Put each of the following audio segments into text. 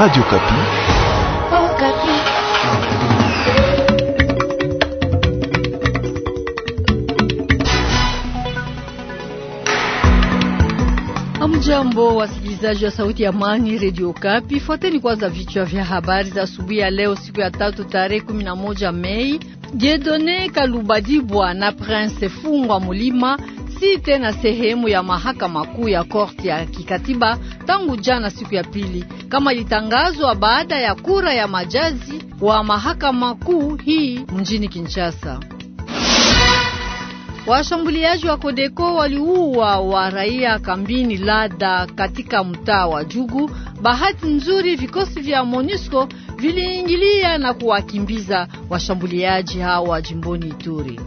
Radio Kapi. Oh, Kapi. Amjambo wasikilizaji wa sauti ya Amani Radio Kapi. Fuateni kwanza vichwa vya habari za asubuhi ya leo siku ya tatu tarehe 11 Mei. Jedone Kalubadibwa na Prince Fungwa Mulima si tena sehemu ya mahakama kuu ya korti ya kikatiba tangu jana siku ya pili, kama ilitangazwa baada ya kura ya majazi wa mahakama kuu hii mjini Kinshasa. Washambuliaji wa Kodeko waliua wa raia kambini Lada katika mtaa wa Jugu. Bahati nzuri vikosi vya MONUSCO viliingilia na kuwakimbiza washambuliaji hawa jimboni Ituri.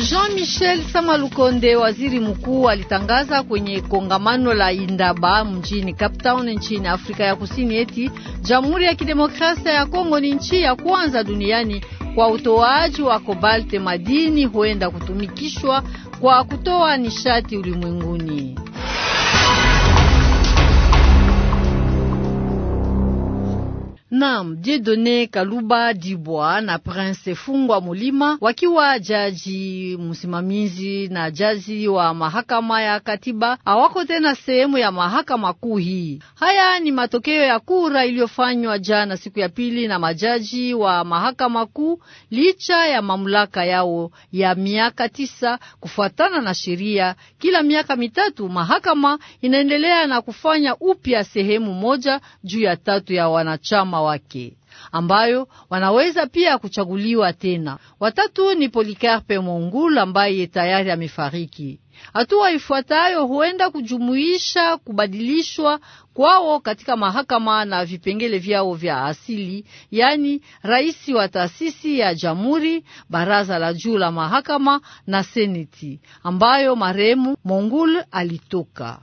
Jean-Michel Samalukonde, waziri mkuu, alitangaza kwenye kongamano la Indaba mjini Cape Town nchini Afrika ya Kusini eti Jamhuri ya Kidemokrasia ya Kongo ni nchi ya kwanza duniani kwa utoaji wa kobalte, madini huenda kutumikishwa kwa kutoa nishati ulimwenguni. Nam Jedone Kaluba Dibwa na Prince Fungwa Mulima wakiwa jaji msimamizi na jaji wa mahakama ya katiba hawako tena sehemu ya mahakama kuu hii. Haya ni matokeo ya kura iliyofanywa jana siku ya pili na majaji wa mahakama kuu licha ya mamlaka yao ya miaka tisa kufuatana na sheria. Kila miaka mitatu mahakama inaendelea na kufanya upya sehemu moja juu ya tatu ya wanachama wake ambayo wanaweza pia kuchaguliwa tena. Watatu ni Polikarpe Mongula ambaye tayari amefariki. Hatua ifuatayo huenda kujumuisha kubadilishwa kwao katika mahakama na vipengele vyao vya asili, yaani rais wa taasisi ya jamhuri, baraza la juu la mahakama na seneti ambayo marehemu Mongul alitoka.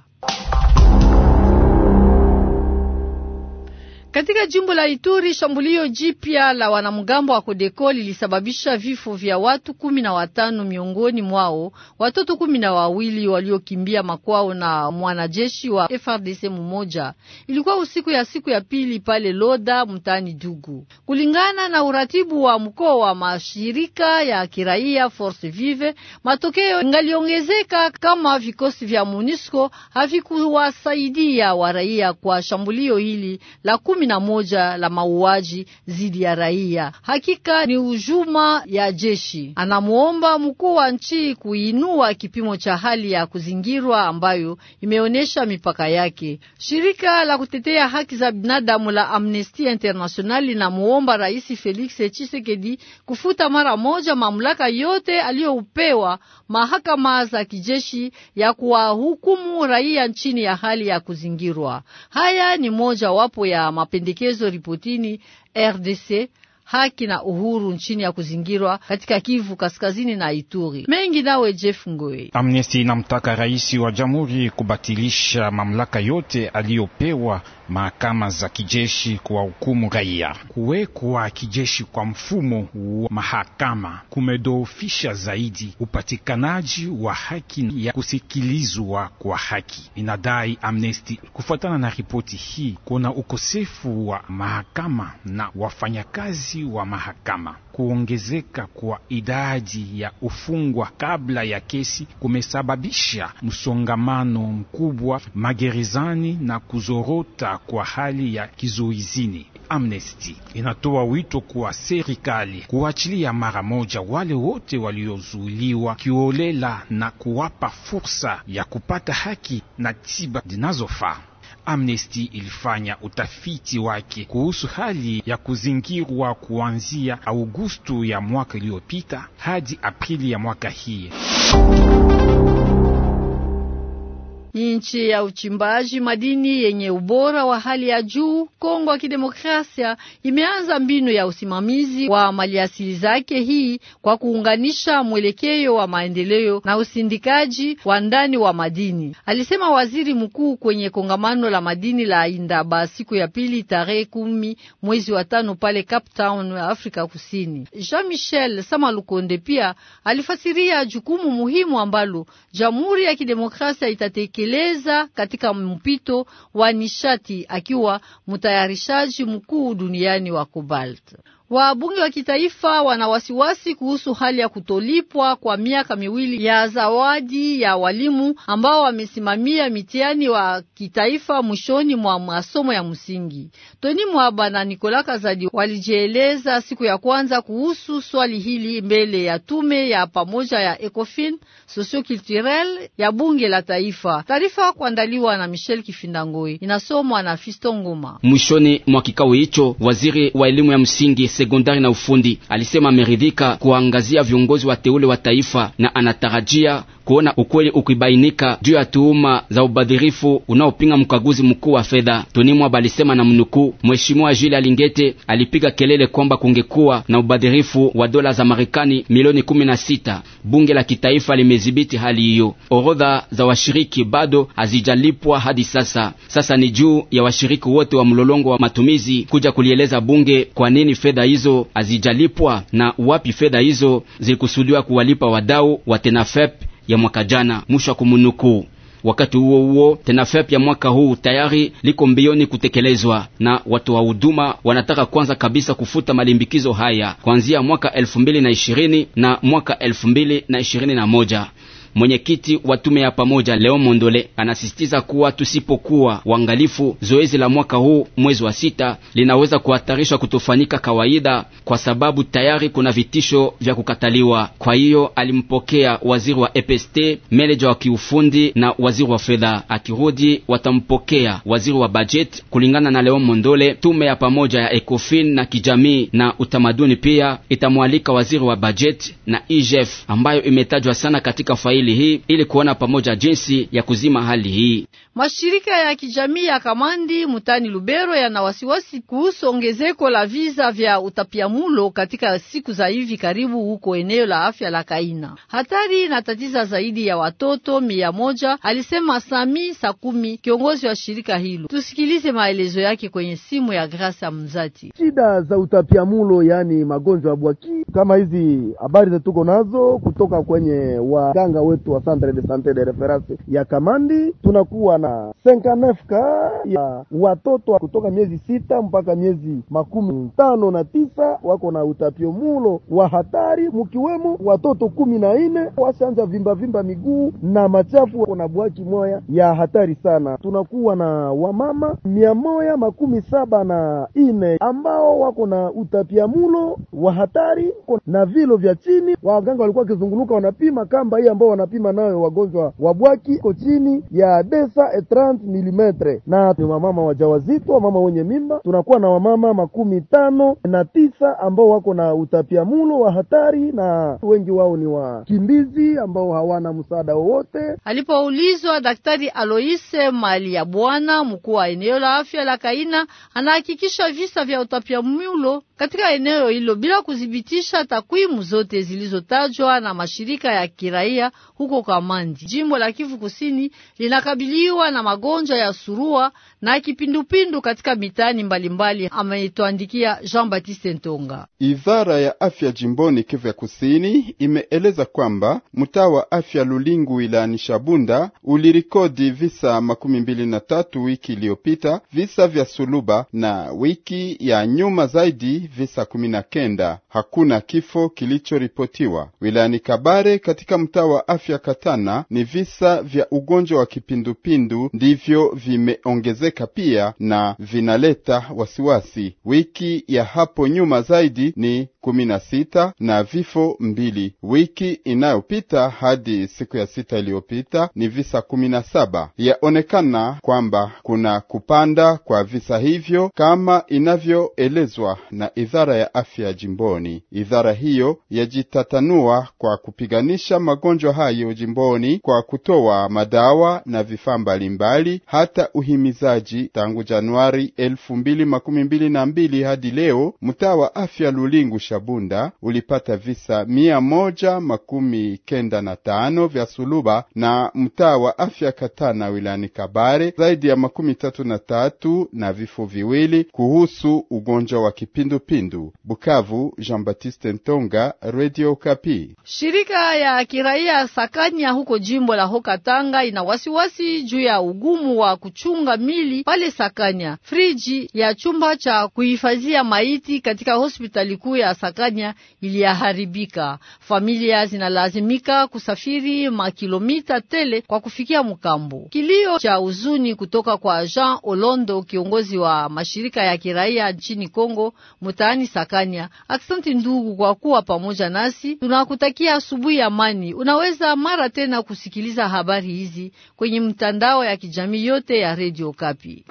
Katika jimbo la Ituri shambulio jipya la wanamgambo wa Kodeko lilisababisha vifo vya watu kumi na watano, miongoni mwao watoto kumi na wawili waliokimbia makwao na mwanajeshi wa FRDC mmoja. Ilikuwa usiku ya siku ya pili pale Loda mtaani Dugu, kulingana na uratibu wa mkoa wa mashirika ya kiraia Force Vive. Matokeo ingaliongezeka kama vikosi vya MONUSCO havikuwasaidia waraia kwa shambulio hili la kumi kumi na moja la mauaji dhidi ya raia. Hakika ni hujuma ya jeshi. Anamwomba mkuu wa nchi kuinua kipimo cha hali ya kuzingirwa ambayo imeonyesha mipaka yake. Shirika la kutetea haki za binadamu la Amnesty International linamwomba Rais Felix Tshisekedi kufuta mara moja mamlaka yote aliyopewa mahakama za kijeshi ya kuwahukumu raia nchini ya hali ya kuzingirwa. Haya ni moja wapo ya mapendekezo ripotini RDC haki na uhuru nchini ya kuzingirwa katika Kivu Kaskazini na Ituri. Mengi nawe Jeff Ngoe. Amnesty inamtaka rais wa jamhuri kubatilisha mamlaka yote aliyopewa mahakama za kijeshi hukumu raia. Kuwekwa kijeshi kwa mfumo wa mahakama kumedoofisha zaidi upatikanaji wa haki ya kusikilizwa kwa haki, inadai Amnesty. Kufuatana na ripoti hii, kuna ukosefu wa mahakama na wafanyakazi wa mahakama. Kuongezeka kwa idadi ya ufungwa kabla ya kesi kumesababisha msongamano mkubwa magerezani na kuzorota kwa hali ya kizuizini. Amnesty inatoa wito kwa serikali kuachilia mara moja wale wote waliozuiliwa kiolela na kuwapa fursa ya kupata haki na tiba zinazofaa. Amnesty ilifanya utafiti wake kuhusu hali ya kuzingirwa kuanzia Augustu ya mwaka iliyopita hadi Aprili ya mwaka hii. Ni nchi ya uchimbaji madini yenye ubora wa hali ya juu. Kongo ya Kidemokrasia imeanza mbinu ya usimamizi wa maliasili zake hii kwa kuunganisha mwelekeo wa maendeleo na usindikaji wa ndani wa madini, alisema waziri mkuu kwenye kongamano la madini la Indaba siku ya pili tarehe kumi mwezi wa tano pale Cape Town ya Afrika Kusini. Jean Michel Samalukonde pia alifasiria jukumu muhimu ambalo Jamhuri ya Kidemokrasia itateke kutekeleza katika mpito wa nishati, akiwa mtayarishaji mkuu duniani wa cobalt. Wabunge wa kitaifa wana wasiwasi kuhusu hali ya kutolipwa kwa miaka miwili ya zawadi ya walimu ambao wamesimamia mitihani wa kitaifa mwishoni mwa masomo ya msingi. Toni Mwaba na Nikola Kazadi walijieleza siku ya kwanza kuhusu swali hili mbele ya tume ya pamoja ya Ecofin Socioculturel ya bunge la taifa. Taarifa kuandaliwa na Michel Kifindangoi, inasomwa na Fisto Ngoma. Mwishoni mwa kikao hicho, waziri wa elimu ya msingi sekondari na ufundi. Alisema ameridhika kuangazia viongozi wa teule wa taifa na anatarajia kuona ukweli ukibainika juu ya tuhuma za ubadhirifu unaopinga mkaguzi mkuu wa fedha. tunimwa balisema na mnukuu, Mheshimiwa Jules Alingete alipiga kelele kwamba kungekuwa na ubadhirifu wa dola za Marekani milioni 16. Bunge la kitaifa limedhibiti hali hiyo. Orodha za washiriki bado hazijalipwa hadi sasa. Sasa ni juu ya washiriki wote wa mlolongo wa matumizi kuja kulieleza bunge kwa nini fedha hizo hazijalipwa na wapi fedha hizo zilikusudiwa kuwalipa wadau wa Tenafep ya mwaka jana, mwisho wa kumunukuu. Wakati huo huo tena FEP ya mwaka huu tayari liko mbioni kutekelezwa, na watu wa huduma wanataka kwanza kabisa kufuta malimbikizo haya kuanzia mwaka elfu mbili na ishirini na mwaka elfu mbili na ishirini na moja. Mwenyekiti wa tume ya pamoja Leo Mondole anasisitiza kuwa tusipokuwa waangalifu, zoezi la mwaka huu mwezi wa sita linaweza kuhatarishwa kutofanyika kawaida, kwa sababu tayari kuna vitisho vya kukataliwa. Kwa hiyo alimpokea waziri wa EPST, meneja wa kiufundi na waziri wa fedha. Akirudi watampokea waziri wa budget. Kulingana na Leo Mondole, tume ya pamoja ya ECOFIN na kijamii na utamaduni pia itamwalika waziri wa budget na IGF e ambayo imetajwa sana katika faili hali hii ili kuona pamoja jinsi ya kuzima hali hii. Mashirika ya kijamii ya Kamandi mutani Lubero yana wasiwasi kuhusu ongezeko la visa vya utapiamulo katika siku za hivi karibu huko eneo la afya la Kaina. Hatari inatatiza zaidi ya watoto mia moja, alisema Sami Sakumi, kiongozi wa shirika hilo. Tusikilize maelezo yake kwenye simu ya Grasa Mzati. Shida za utapiamulo, yani magonjwa ya bwaki kama hizi, habari za tuko nazo kutoka kwenye waganga wetu wa Centre de Sante de Reference ya Kamandi, tunakuwa na 59 ka ya watoto kutoka miezi sita mpaka miezi makumi tano na tisa wako na utapio mulo wa hatari, mukiwemo watoto kumi na nne washanja vimbavimba miguu na machafu, wako na bwaki moya ya hatari sana. Tunakuwa na wamama mia moya makumi saba na ine ambao wako na utapia mulo wa hatari na vilo vya chini. Waganga walikuwa wakizunguluka wanapima kamba hii, ambao wanapima nayo wagonjwa wa bwaki ko chini ya desa 30 e milimetre, na ni wamama wajawazito, wamama wenye mimba. Tunakuwa na wamama makumi tano na tisa ambao wako na utapiamulo wa hatari, na wengi wao ni wakimbizi ambao hawana msaada wowote. Alipoulizwa Daktari Aloise Mali ya Bwana, mkuu wa eneo la afya la Kaina, anahakikisha visa vya utapiamulo katika eneo hilo bila kudhibitisha takwimu zote zilizotajwa na mashirika ya kiraia huko Kamandi. Jimbo la Kivu Kusini linakabiliwa kuwa na magonjwa ya surua na kipindupindu katika mitani mbalimbali, ametuandikia Jean Baptiste Ntonga. Idara ya afya jimboni Kivu ya Kusini imeeleza kwamba mtaa wa afya Lulingu wilayani Shabunda ulirikodi visa makumi mbili na tatu wiki iliyopita, visa vya suluba, na wiki ya nyuma zaidi visa kumi na kenda. Hakuna kifo kilichoripotiwa wilayani Kabare. Katika mtaa wa afya Katana ni visa vya ugonjwa wa kipindupindu Kindu ndivyo vimeongezeka pia na vinaleta wasiwasi. Wiki ya hapo nyuma zaidi ni kumi na sita na vifo mbili. Wiki inayopita hadi siku ya sita iliyopita ni visa kumi na saba. Yaonekana kwamba kuna kupanda kwa visa hivyo kama inavyoelezwa na idara ya afya jimboni. Idara hiyo yajitatanua kwa kupiganisha magonjwa hayo jimboni kwa kutoa madawa na vifaa mbalimbali, hata uhimizaji. Tangu Januari elfu mbili makumi mbili na mbili hadi leo mtaa wa afya Lulingu Bunda ulipata visa mia moja makumi kenda na tano vya suluba na mtaa wa afya Katana wilayani Kabare zaidi ya makumi tatu na tatu na vifo viwili kuhusu ugonjwa wa kipindupindu. Bukavu, Jean Baptiste Ntonga, Radio Kapi. Shirika ya kiraia Sakanya huko jimbo la hokatanga ina wasiwasi juu ya ugumu wa kuchunga mili pale Sakanya. Friji ya chumba cha kuhifadhia maiti katika hospitali kuu ya Sakanya iliyaharibika. Familia zinalazimika kusafiri makilomita tele kwa kufikia mkambo Kilio cha huzuni kutoka kwa Jean Olondo, kiongozi wa mashirika ya kiraia nchini Kongo mutaani Sakanya. Aksanti ndugu, kwa kuwa pamoja nasi. Tunakutakia asubuhi amani. Unaweza mara tena kusikiliza habari hizi kwenye mtandao ya kijamii yote ya Radio Kapi.